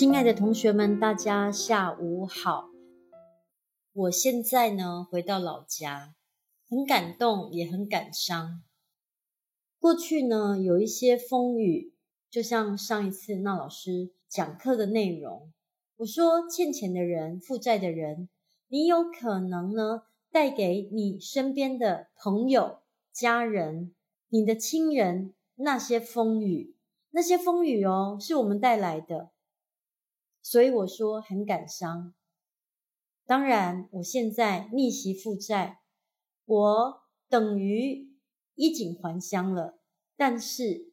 親愛的同學們，大家下午好。我現在呢，回到老家，很感動，也很感傷。過去呢，有一些風雨，就像上一次娜老師講課的內容，我說欠錢的人、負債的人，你有可能呢帶給你身邊的朋友、家人、你的親人那些風雨，那些風雨哦，是我們帶來的。所以我說很感傷。當然，我現在逆襲負債，我等於衣錦還鄉了。但是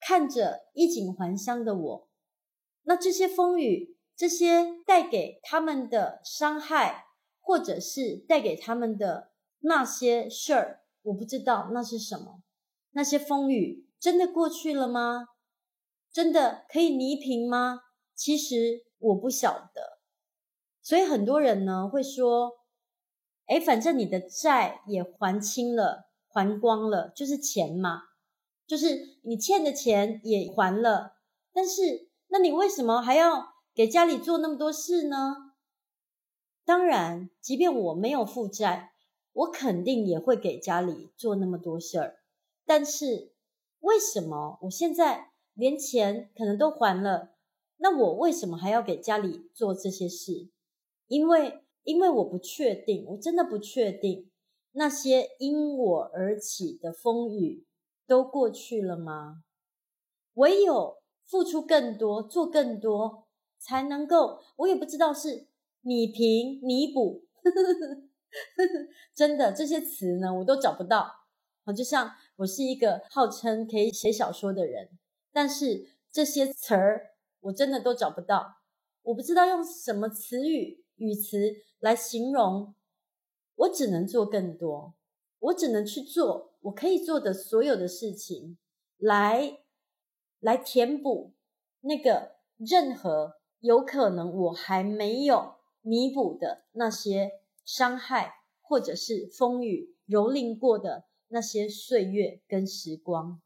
看着衣錦還鄉的我，那這些風雨，這些帶給他們的傷害，或者是帶給他們的那些事兒，我不知道那是什麼。那些風雨真的過去了嗎？真的可以彌平嗎？其實我不曉得，所以很多人呢會說：“誒，反正你的債也還清了，還光了，就是錢嘛，就是你欠的錢也還了。但是，那你為什麼還要給家裡做那麼多事呢？”當然，即便我沒有負債，我肯定也會給家裡做那麼多事兒。但是，為什麼我現在連錢可能都還了？那我為什麼還要給家裡做這些事？因為，因為我不確定，我真的不確定那些因我而起的風雨都過去了嗎？唯有付出更多，做更多，才能夠。我也不知道是你補、彌補， 真的這些詞呢，我都找不到。就像我是一個號稱可以寫小說的人，但是這些詞兒。我真的都找不到，我不知道用什麼詞語語詞來形容。我只能做更多，我只能去做我可以做的所有的事情，來來填補那個任何有可能我還沒有彌補的那些傷害，或者是風雨蹂躪過的那些歲月跟時光。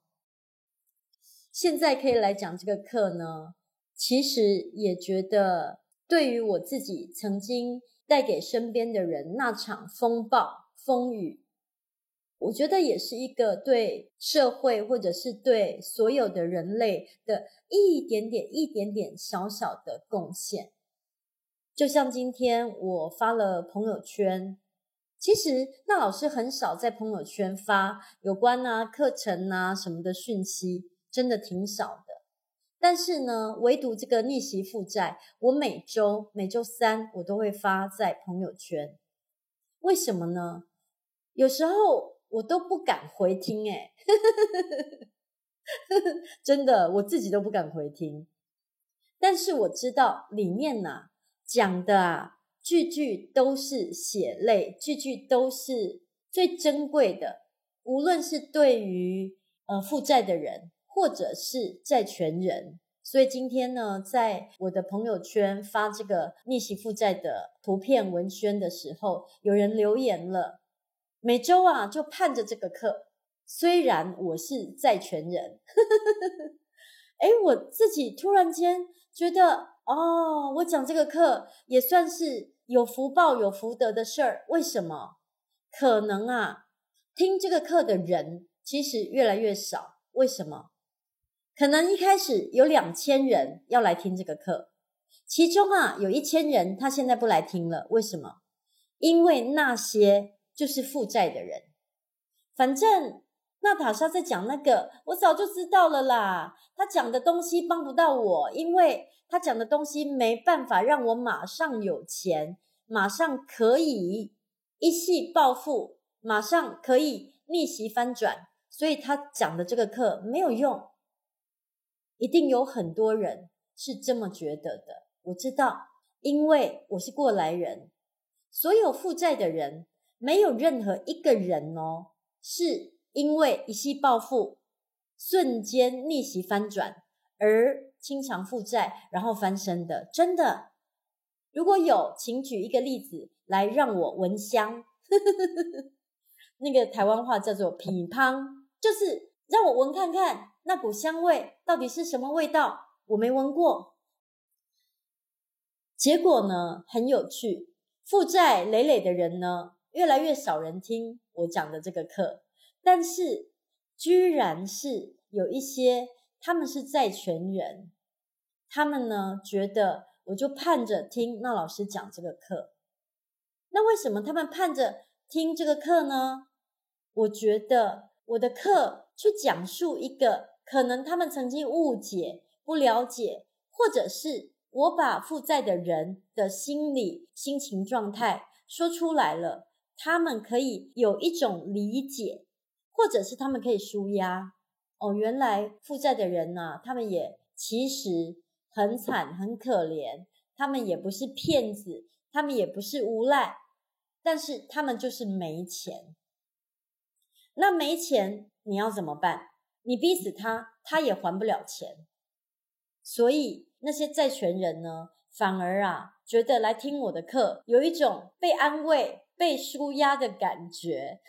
現在可以來講這個課呢。其實也覺得，對於我自己曾經帶給身邊的人那場風暴風雨，我覺得也是一個對社會或者是對所有的人類的一點點、一點點小小的貢獻。就像今天我發了朋友圈，其實娜老師很少在朋友圈發有關啊課程啊什麼的訊息，真的挺少的。但是呢，唯獨這個逆襲負債，我每周每周三我都會發在朋友圈。為什麼呢？有時候我都不敢回聽，誒 真的，我自己都不敢回聽。但是我知道裡面呢、啊、講的啊句句都是血淚，句句都是最珍貴的。無論是對於呃負債的人。或者是債權人，所以今天呢，在我的朋友圈發這個逆襲負債的圖片文宣的時候，有人留言了，每周啊就盼着這個課。雖然我是債權人，哎， 我自己突然間覺得，哦，我講這個課也算是有福報、有福德的事兒。為什麼？可能啊，聽這個課的人其實越來越少。為什麼？可能一開始有兩千人要來聽這個課，其中啊有一千人他現在不來聽了，為什麼？因為那些就是負債的人。反正娜塔莎在講那個，我早就知道了啦。他講的東西幫不到我，因為他講的東西沒辦法讓我馬上有錢，馬上可以一夕暴富，馬上可以逆襲翻轉。所以他講的這個課沒有用。一定有很多人是這麼覺得的，我知道，因為我是過來人。所有負債的人，沒有任何一個人哦，是因為一夕暴富，瞬間逆襲翻轉而清償負債然後翻身的。真的，如果有，請舉一個例子來讓我聞香呵呵呵。那個台灣話叫做“乒乓”，就是讓我聞看看。那股香味到底是什麼味道？我沒聞過。結果呢，很有趣。負債累累的人呢，越來越少人聽我講的這個課。但是，居然是有一些，他們是債權人。他們呢，覺得我就盼着聽那老師講這個課。那為什麼他們盼着聽這個課呢？我覺得我的課。去講述一個可能他們曾經誤解、不了解，或者是我把負債的人的心理、心情狀態說出來了，他們可以有一種理解，或者是他們可以舒壓。哦，原來負債的人吶、啊，他們也其實很慘、很可憐，他們也不是騙子，他們也不是無賴，但是他們就是沒錢。那沒錢你要怎麼辦？你逼死他，他也還不了錢，所以那些債權人呢，反而啊覺得來聽我的課有一種被安慰、被舒壓的感覺，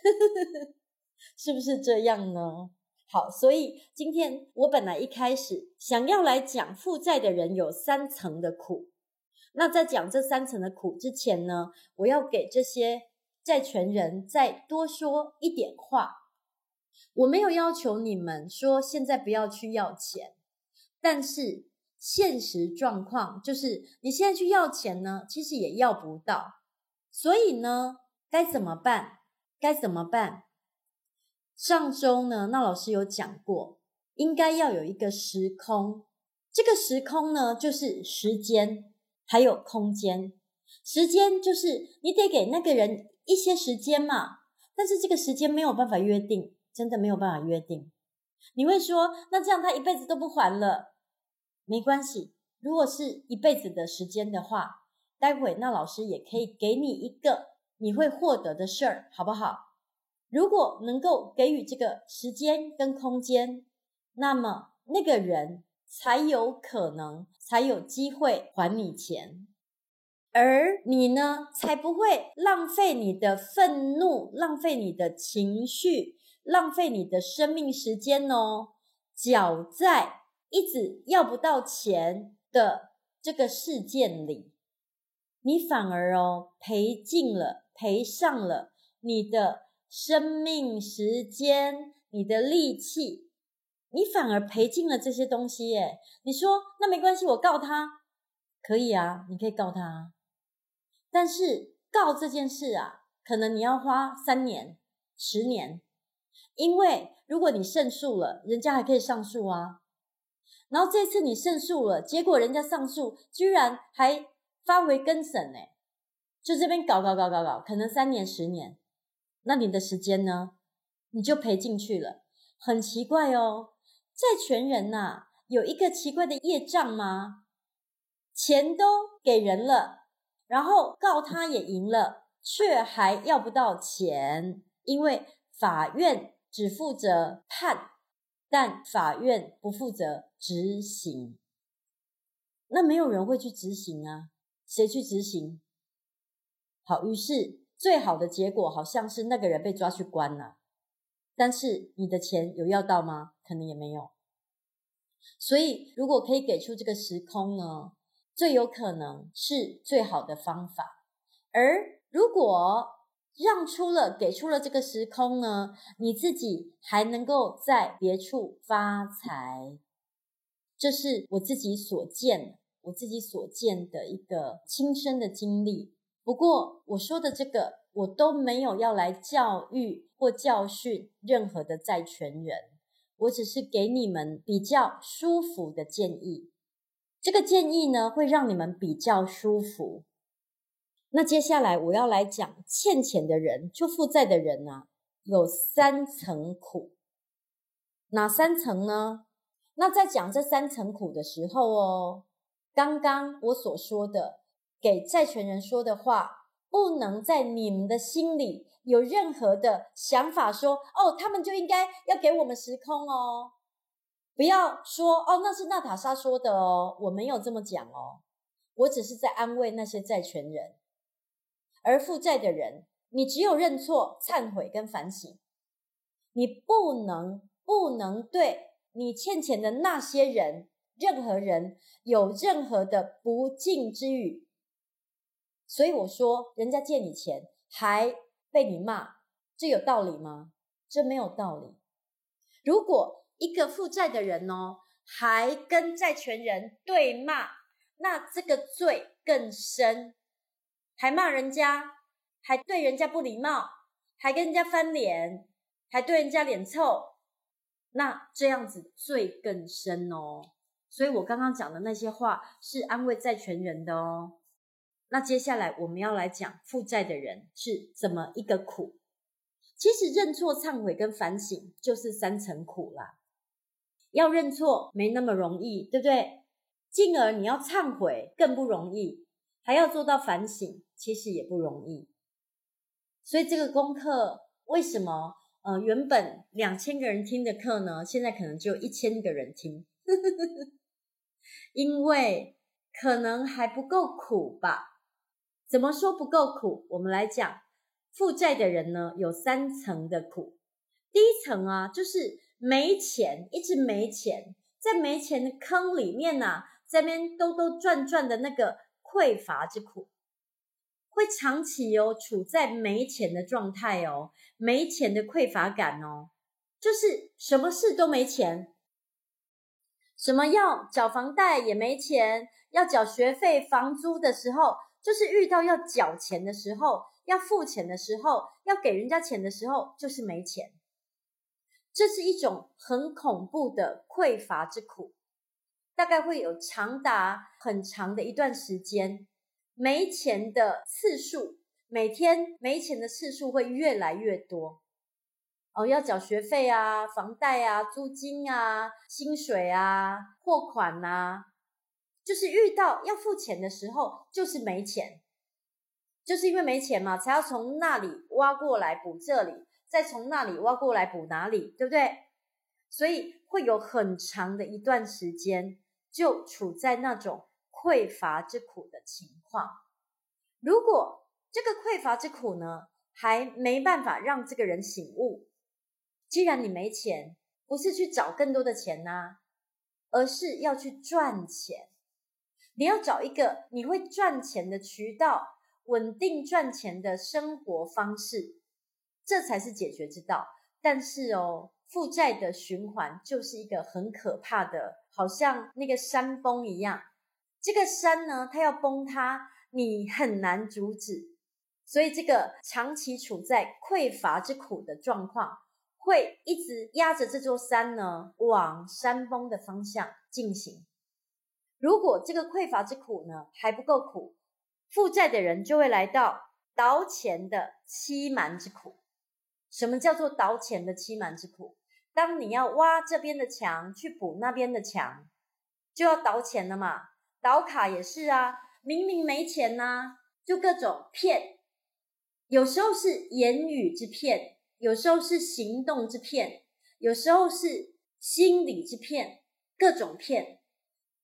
是不是這樣呢？好，所以今天我本來一開始想要來講負債的人有三層的苦，那在講這三層的苦之前呢，我要給這些。債權人再多說一點話，我沒有要求你們說現在不要去要錢，但是現實狀況就是你現在去要錢呢，其實也要不到，所以呢，該怎麼辦？該怎麼辦？上周呢，娜老師有講過，應該要有一個時空，這個時空呢，就是時間還有空間，時間就是你得給那個人。一些時間嘛，但是這個時間沒有辦法約定，真的沒有辦法約定。你會說，那這樣他一輩子都不還了？沒關係，如果是一輩子的時間的話，待會那老師也可以給你一個你會獲得的事兒，好不好？如果能夠給予這個時間跟空間，那麼那個人才有可能，才有機會還你錢。而你呢，才不會浪費你的憤怒，浪費你的情緒，浪費你的生命時間哦。腳在一直要不到錢的這個事件裡，你反而哦賠盡了，賠上了你的生命時間，你的力氣，你反而賠盡了這些東西耶。你說那沒關係，我告他。可以啊，你可以告他。但是告這件事啊，可能你要花三年、十年，因為如果你勝訴了，人家還可以上訴啊。然後這次你勝訴了，結果人家上訴，居然還發為更省呢、欸，就這邊搞搞搞搞搞，可能三年、十年，那你的時間呢，你就賠進去了，很奇怪哦。債權人吶、啊，有一個奇怪的業障嗎？錢都給人了。然後告他也贏了，卻還要不到錢，因為法院只負責判，但法院不負責執行，那沒有人會去執行啊，誰去執行？好，於是最好的結果好像是那個人被抓去關了，但是你的錢有要到嗎？可能也沒有。所以如果可以給出這個時空呢？最有可能是最好的方法，而如果讓出了、給出了這個時空呢，你自己還能夠在別處發財，這是我自己所見，我自己所見的一個親身的經歷。不過我說的這個，我都沒有要來教育或教訓任何的債權人，我只是給你們比較舒服的建議。這個建議呢，會讓你們比較舒服。那接下來我要來講，欠錢的人，就負債的人啊，有三層苦。哪三層呢？那在講這三層苦的時候哦，剛剛我所說的給債權人說的話，不能在你們的心裡有任何的想法說，說哦，他們就應該要給我們時空哦。不要說哦，那是娜塔莎說的哦，我沒有這麼講哦，我只是在安慰那些債權人，而負債的人，你只有認錯、懺悔跟反省，你不能不能對你欠錢的那些人、任何人有任何的不敬之語。所以我說，人家借你錢還被你罵，這有道理嗎？這沒有道理。如果一個負債的人哦，還跟債權人對罵，那這個罪更深，還罵人家，還對人家不禮貌，還跟人家翻臉，還對人家臉臭，那這樣子罪更深哦。所以我剛剛講的那些話是安慰債權人的哦。那接下來我們要來講負債的人是怎麼一個苦。其實認錯、懺悔跟反省就是三層苦啦。要認錯沒那麼容易，對不對？進而你要懺悔更不容易，還要做到反省，其實也不容易。所以這個功課為什麼呃，原本兩千個人聽的課呢？現在可能只有一千個人聽， 因為可能還不夠苦吧？怎麼說不夠苦？我們來講負債的人呢，有三層的苦。第一層啊，就是。沒錢，一直沒錢，在沒錢的坑裡面呢、啊，在那邊兜兜轉轉的那個匱乏之苦，會長期哦，處在沒錢的狀態哦，沒錢的匱乏感哦，就是什麼事都沒錢，什麼要繳房貸也沒錢，要繳學費、房租的時候，就是遇到要繳錢的時候，要付錢的時候，要給人家錢的時候，就是沒錢。這是一種很恐怖的匱乏之苦，大概會有長達很長的一段時間，沒錢的次數，每天沒錢的次數會越來越多。哦，要繳學費啊、房貸啊、租金啊、薪水啊、貨款啊，就是遇到要付錢的時候，就是沒錢，就是因為沒錢嘛，才要從那裡挖過來補這裡。再從那裡挖過來補哪裡，對不對？所以會有很長的一段時間，就處在那種匱乏之苦的情況。如果這個匱乏之苦呢，還沒辦法讓這個人醒悟，既然你沒錢，不是去找更多的錢吶，而是要去賺錢。你要找一個你會賺錢的渠道，穩定賺錢的生活方式。這才是解決之道。但是哦，負債的循環就是一個很可怕的，好像那個山崩一樣。這個山呢，它要崩塌，你很難阻止。所以，這個長期處在匱乏之苦的狀況，會一直壓着這座山呢，往山崩的方向進行。如果這個匱乏之苦呢，還不夠苦，負債的人就會來到倒錢的欺瞞之苦。什麼叫做倒錢的欺瞞之苦？當你要挖這邊的牆去補那邊的牆，就要倒錢了嘛。倒卡也是啊，明明沒錢呢、啊，就各種騙。有時候是言語之騙，有時候是行動之騙，有時候是心理之騙，各種騙。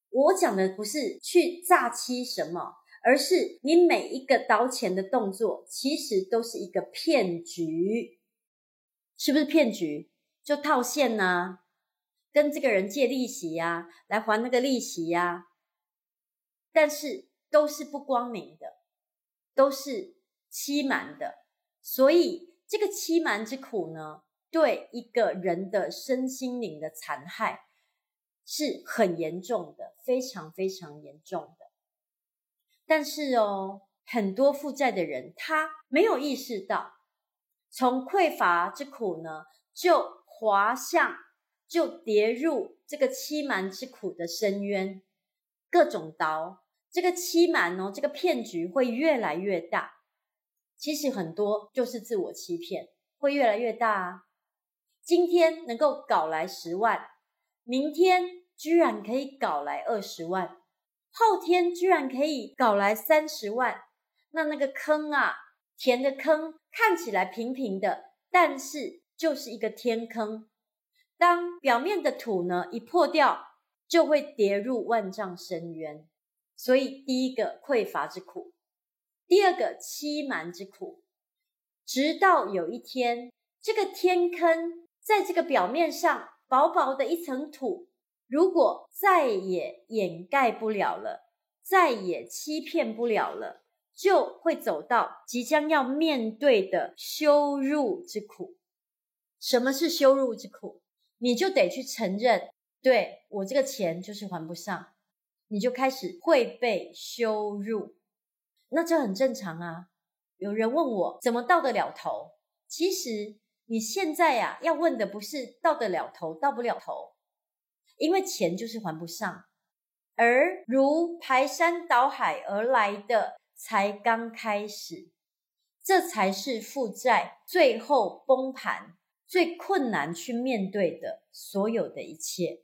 我講的不是去詐欺什麼，而是你每一個倒錢的動作，其實都是一個騙局。是不是騙局？就套現吶，跟這個人借利息呀，來還那個利息呀。但是都是不光明的，都是欺瞞的。所以這個欺瞞之苦呢，對一個人的身心靈的殘害是很嚴重的，非常非常嚴重的。但是哦，很多負債的人他沒有意識到。從匱乏之苦呢，就滑向，就跌入這個欺瞞之苦的深淵。各種刀，這個欺瞞哦，這個騙局會越來越大。其實很多就是自我欺騙，會越來越大啊。今天能夠搞來十萬，明天居然可以搞來二十萬，後天居然可以搞來三十萬。那那個坑啊，填的坑。看起來平平的，但是就是一個天坑。當表面的土呢，一破掉，就會跌入萬丈深淵。所以，第一個匱乏之苦，第二個欺瞞之苦。直到有一天，這個天坑在這個表面上薄薄的一層土，如果再也掩蓋不了了，再也欺騙不了了。就會走到即將要面對的羞辱之苦。什麼是羞辱之苦？你就得去承認，對，我這個錢就是還不上，你就開始會被羞辱。那這很正常啊。有人問我怎麼到得了頭？其實你現在呀、啊，要問的不是到得了頭，到不了頭，因為錢就是還不上，而如排山倒海而來的。才剛開始，這才是負債最後崩盤最困難去面對的所有的一切。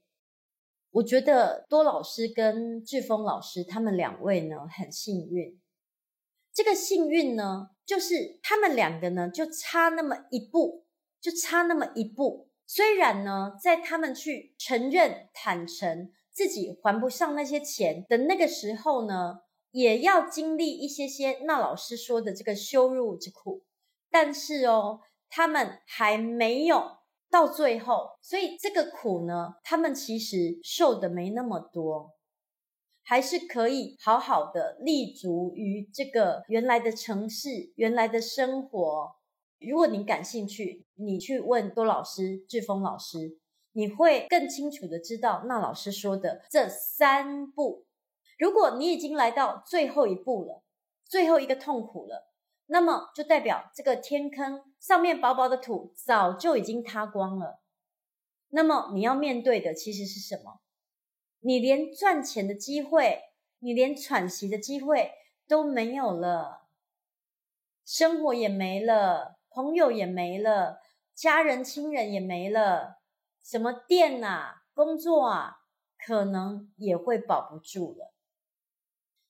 我覺得多老師跟志峰老師他們兩位呢，很幸運，這個幸運呢，就是他們兩個呢，就差那麼一步，就差那麼一步。雖然呢，在他們去承認、坦誠自己還不上那些錢的那個時候呢，也要經歷一些些娜老師說的這個羞辱之苦，但是哦，他們還沒有到最後，所以這個苦呢，他們其實受的沒那麼多，還是可以好好的立足於這個原來的城市、原來的生活。如果你感興趣，你去問多老師、志峰老師，你會更清楚的知道娜老師說的這三步。如果你已經來到最後一步了，最後一個痛苦了，那麼就代表這個天坑上面薄薄的土早就已經塌光了。那麼你要面對的其實是什麼？你連賺錢的機會，你連喘息的機會都沒有了，生活也沒了，朋友也沒了，家人、親人也沒了，什麼店啊、工作啊，可能也會保不住了。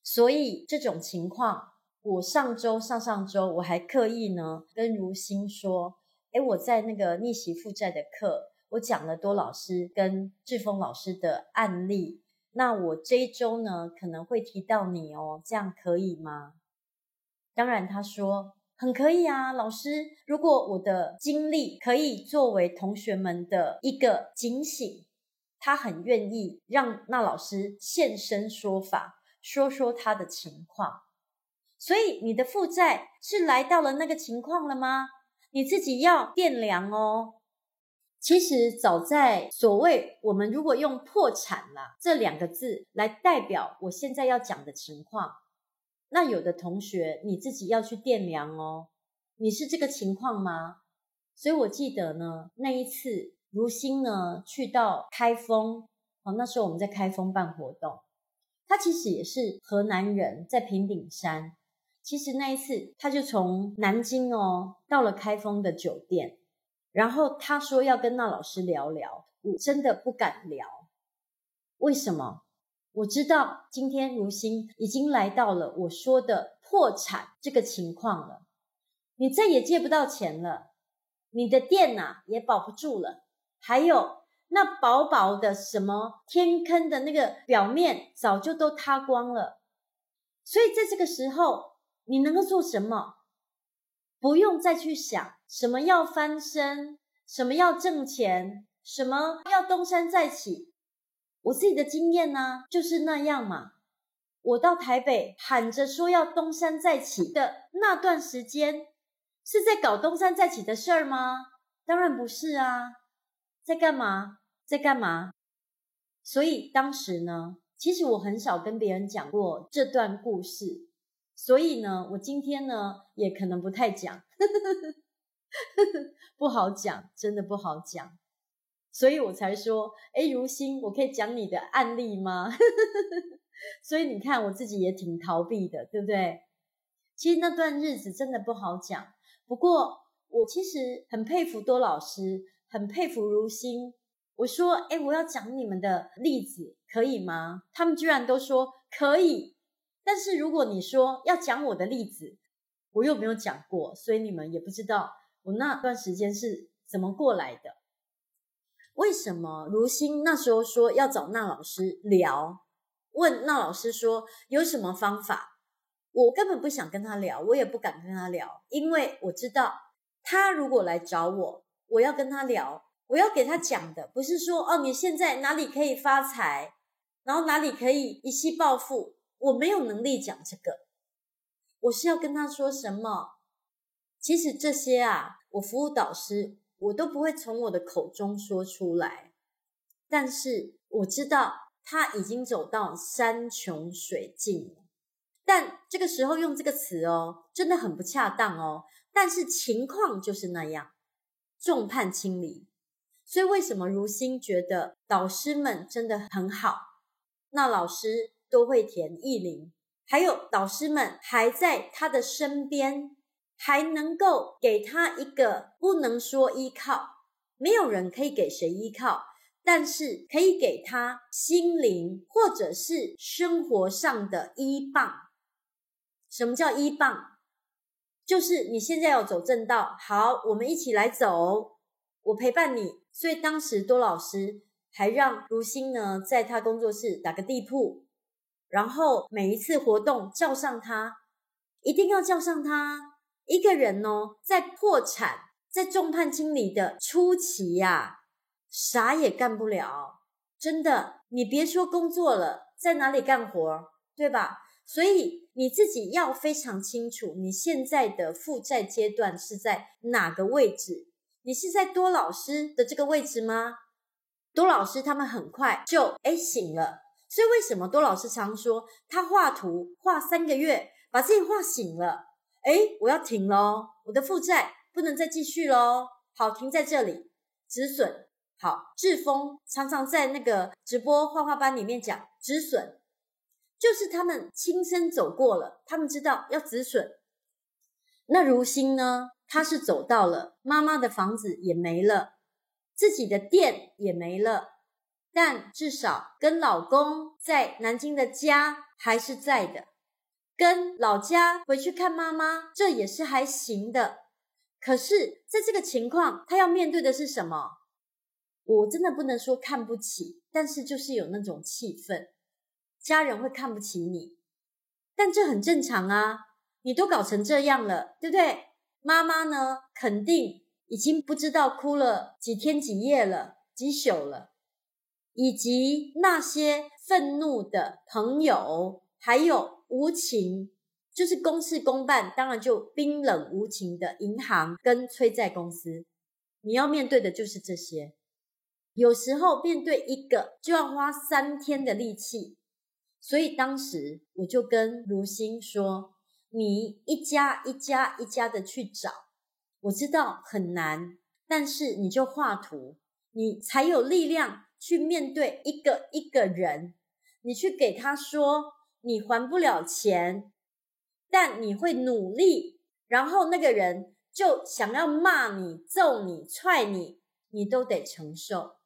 所以這種情況，我上週、上上週我還刻意呢跟如新說：“誒，我在那個逆襲負債的課，我講了多老師跟志峰老師的案例。那我這一周呢可能會提到你哦，這樣可以嗎？”當然，他說很可以啊，老師。如果我的經歷可以作為同學們的一個警醒，他很願意讓那老師現身說法。說說他的情況，所以你的負債是來到了那個情況了嗎？你自己要掂量哦。其實早在所謂我們如果用破產了這兩個字來代表我現在要講的情況，那有的同學你自己要去掂量哦。你是這個情況嗎？所以我記得呢，那一次如新呢去到開封，哦，那時候我們在開封辦活動。他其實也是河南人，在平頂山。其實那一次，他就從南京哦到了開封的酒店，然後他說要跟娜老師聊聊。我真的不敢聊，為什麼？我知道今天如新已經來到了我說的破產這個情況了，你再也借不到錢了，你的店吶也保不住了，還有。那薄薄的什麼天坑的那個表面早就都塌光了，所以在這個時候你能夠做什麼？不用再去想什麼要翻身，什麼要掙錢，什麼要東山再起。我自己的經驗呢、啊，就是那樣嘛。我到台北喊着說要東山再起的那段時間，是在搞東山再起的事兒嗎？當然不是啊，在幹嘛？在幹嘛？所以當時呢，其實我很少跟別人講過這段故事，所以呢，我今天呢也可能不太講， 不好講，真的不好講，所以我才說，誒，如新，我可以講你的案例嗎？ 所以你看，我自己也挺逃避的，對不對？其實那段日子真的不好講，不過我其實很佩服多老師，很佩服如新。我說：“哎，我要講你們的例子，可以嗎？”他們居然都說可以。但是如果你說要講我的例子，我又沒有講過，所以你們也不知道我那段時間是怎麼過來的。為什麼？如新那時候說要找娜老師聊，問娜老師說有什麼方法，我根本不想跟他聊，我也不敢跟他聊，因為我知道他如果來找我，我要跟他聊。我要給他講的不是說哦，你現在哪裡可以發財，然後哪裡可以一夕暴富，我沒有能力講這個。我是要跟他說什麼？其實這些啊，我服務導師我都不會從我的口中說出來。但是我知道他已經走到山窮水盡了。但這個時候用這個詞哦，真的很不恰當哦。但是情況就是那樣，眾叛親離。所以為什麼如新覺得導師們真的很好？那老師都會填意林，還有導師們還在他的身邊，還能夠給他一個不能說依靠，沒有人可以給誰依靠，但是可以給他心靈或者是生活上的依傍。什麼叫依傍？就是你現在要走正道，好，我們一起來走，我陪伴你。所以當時多老師還讓如新呢，在他工作室打個地鋪，然後每一次活動叫上他，一定要叫上他。一個人哦，在破產、在眾叛親離的初期呀，啥也幹不了，真的。你別說工作了，在哪裡幹活，對吧？所以你自己要非常清楚，你現在的負債階段是在哪個位置。你是在多老師的這個位置嗎？多老師他們很快就誒、欸、醒了，所以為什麼多老師常說他畫圖畫三個月把自己畫醒了？誒、欸、我要停嘍，我的負債不能再繼續嘍，好，停在這裡，止損，好，志峰常常在那個直播畫畫班裡面講止損，就是他們親身走過了，他們知道要止損。那如新呢？他是走到了，媽媽的房子也沒了，自己的店也沒了，但至少跟老公在南京的家還是在的，跟老家回去看媽媽，這也是還行的。可是在這個情況，他要面對的是什麼？我真的不能說看不起，但是就是有那種氣氛，家人會看不起你，但這很正常啊，你都搞成這樣了，對不對？媽媽呢，肯定已經不知道哭了幾天幾夜了，幾宿了，以及那些憤怒的朋友，還有無情，就是公事公辦，當然就冰冷無情的銀行跟催債公司，你要面對的就是這些。有時候面對一個就要花三天的力氣，所以當時我就跟如新說。你一家一家一家的去找，我知道很難，但是你就畫圖，你才有力量去面對一個一個人，你去給他說你還不了錢，但你會努力，然後那個人就想要罵你、揍你、踹你，你都得承受，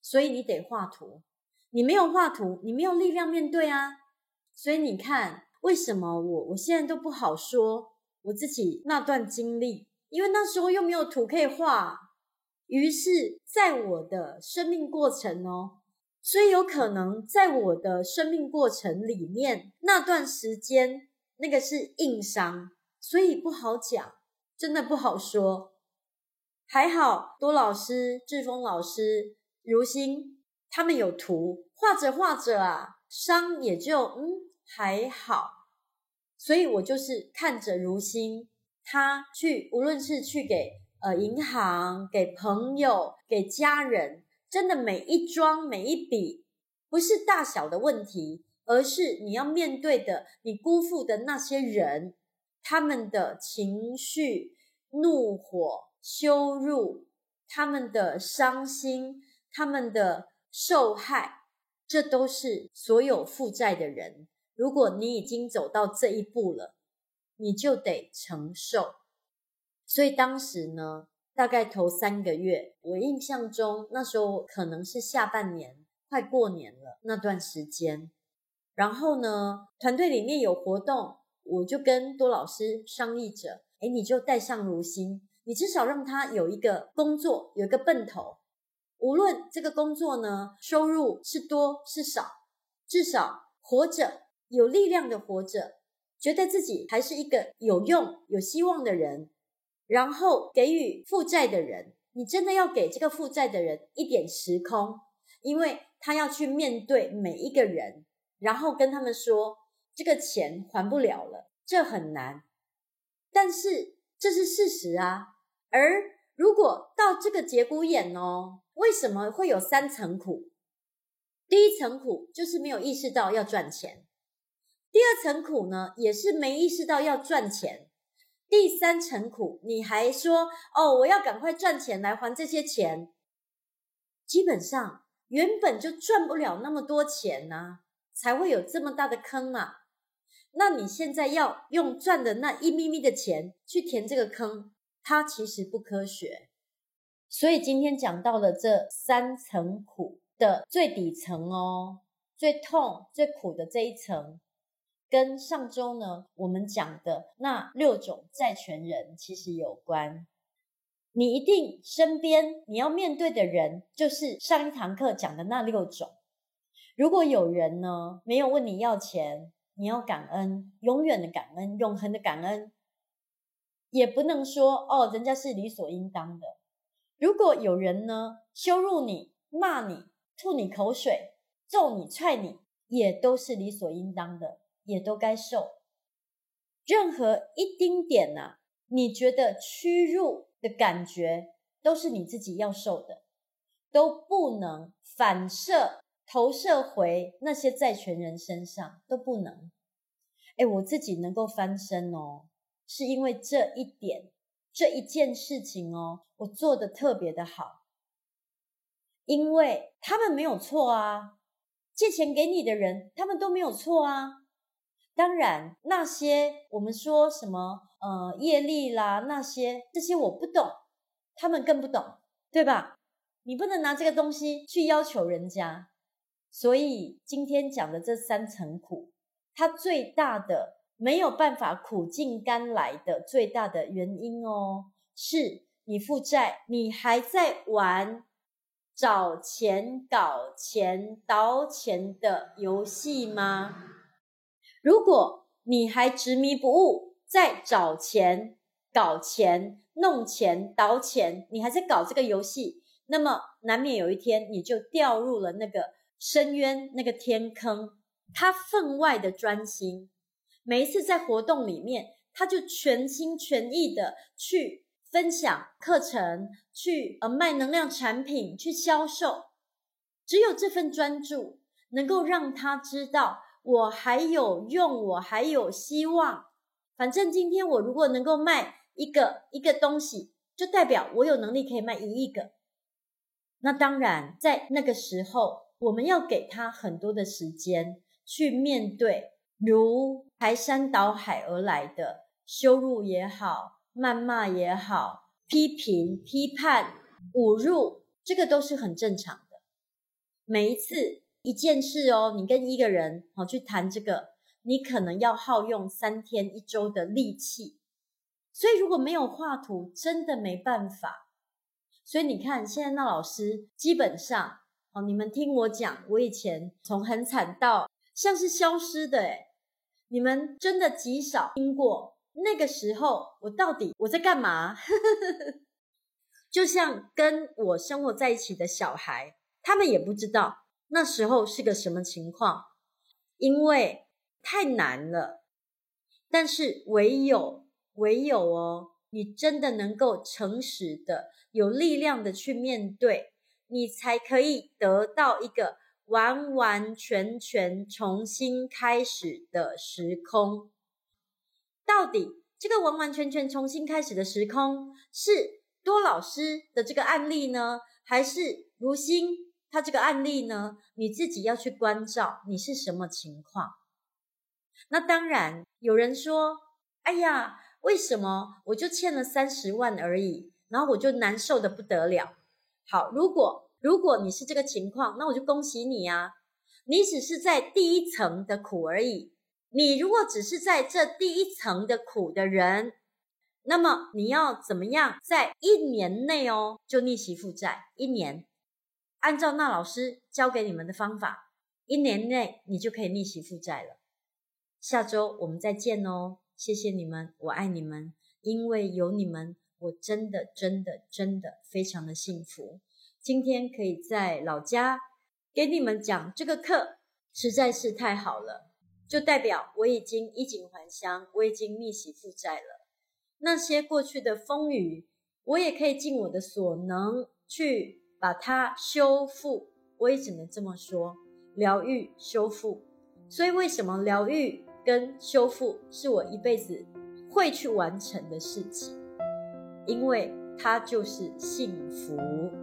所以你得畫圖，你沒有畫圖，你沒有力量面對啊，所以你看。為什麼我我現在都不好說我自己那段經歷？因為那時候又沒有圖可以畫，於是在我的生命過程哦，所以有可能在我的生命過程裡面那段時間那個是硬傷，所以不好講，真的不好說。還好多老師志峰老師如新他們有圖畫着畫着啊傷也就嗯。還好，所以我就是看着如新，他去，無論是去給呃銀行、給朋友、給家人，真的每一樁每一筆，不是大小的問題，而是你要面對的，你辜負的那些人，他們的情緒、怒火、羞辱，他們的傷心，他們的受害，這都是所有負債的人。如果你已經走到這一步了，你就得承受。所以當時呢，大概頭三個月，我印象中那時候可能是下半年，快過年了那段時間。然後呢，團隊裡面有活動，我就跟多老師商議着，哎，你就帶上如新，你至少讓他有一個工作，有一個奔頭。無論這個工作呢，收入是多是少，至少活着。有力量的活着，覺得自己還是一個有用、有希望的人，然後給予負債的人，你真的要給這個負債的人一點時空，因為他要去面對每一個人，然後跟他們說這個錢還不了了，這很難，但是這是事實啊。而如果到這個節骨眼哦，為什麼會有三層苦？第一層苦就是沒有意識到要賺錢。第二層苦呢，也是沒意識到要賺錢。第三層苦，你還說哦，我要趕快賺錢來還這些錢。基本上原本就賺不了那麼多錢吶、啊，才會有這麼大的坑啊。那你現在要用賺的那一咪咪的錢去填這個坑，它其實不科學。所以今天講到了這三層苦的最底層哦，最痛、最苦的這一層。跟上週呢，我們講的那六種債權人其實有關。你一定身邊你要面對的人，就是上一堂課講的那六種。如果有人呢，沒有問你要錢，你要感恩，永遠的感恩，永恆的感恩。也不能說哦，人家是理所應當的。如果有人呢，羞辱你、罵你、吐你口水、揍你、踹你，也都是理所應當的。也都該受，任何一丁點啊，你覺得屈辱的感覺，都是你自己要受的，都不能反射投射回那些債權人身上，都不能。欸，我自己能夠翻身哦，是因為這一點，這一件事情哦，我做得特別的好，因為他們沒有錯啊，借錢給你的人，他們都沒有錯啊。當然，那些我們說什麼呃業力啦，那些這些我不懂，他們更不懂，對吧？你不能拿這個東西去要求人家。所以今天講的這三層苦，它最大的沒有辦法苦盡甘來的最大的原因哦，是你負債，你還在玩找錢、搞錢、倒錢的遊戲嗎？如果你還執迷不悟，在找錢、搞錢、弄錢、倒錢，倒錢，你還在搞這個遊戲，那麼難免有一天你就掉入了那個深淵、那個天坑。他分外的專心，每一次在活動裡面，他就全心全意的去分享課程，去呃賣能量產品，去銷售。只有這份專注，能夠讓他知道。我還有用，我還有希望。反正今天我如果能夠賣一個一個東西，就代表我有能力可以賣一億個。那當然，在那個時候，我們要給他很多的時間去面對，如排山倒海而來的羞辱也好，謾罵也好，批評、批判、侮辱，這個都是很正常的。每一次。一件事哦，你跟一個人哦去談這個，你可能要耗用三天一周的力氣，所以如果沒有畫圖，真的沒辦法。所以你看，現在娜老師基本上哦，你們聽我講，我以前從很慘到像是消失的哎，你們真的極少聽過那個時候我到底我在幹嘛？ 就像跟我生活在一起的小孩，他們也不知道。那時候是個什麼情況？因為太難了，但是唯有唯有哦，你真的能夠誠實的、有力量的去面對，你才可以得到一個完完全全重新開始的時空。到底這個完完全全重新開始的時空是多老師的這個案例呢？還是如新？他這個案例呢，你自己要去關照你是什麼情況。那當然有人說：“哎呀，為什麼我就欠了三十萬而已，然後我就難受得不得了。”好，如果如果你是這個情況，那我就恭喜你啊！你只是在第一層的苦而已。你如果只是在這第一層的苦的人，那麼你要怎麼樣在一年內哦就逆襲負債一年？按照娜老師教給你們的方法，一年內你就可以逆襲負債了。下周我們再見哦，謝謝你們，我愛你們，因為有你們，我真的真的真的非常的幸福。今天可以在老家給你們講這個課，實在是太好了，就代表我已經衣錦還鄉，我已經逆襲負債了。那些過去的風雨，我也可以盡我的所能去。把，啊，它修復，我也只能這麼說，療癒修復。所以為什麼療癒跟修復是我一輩子會去完成的事情？因為它就是幸福。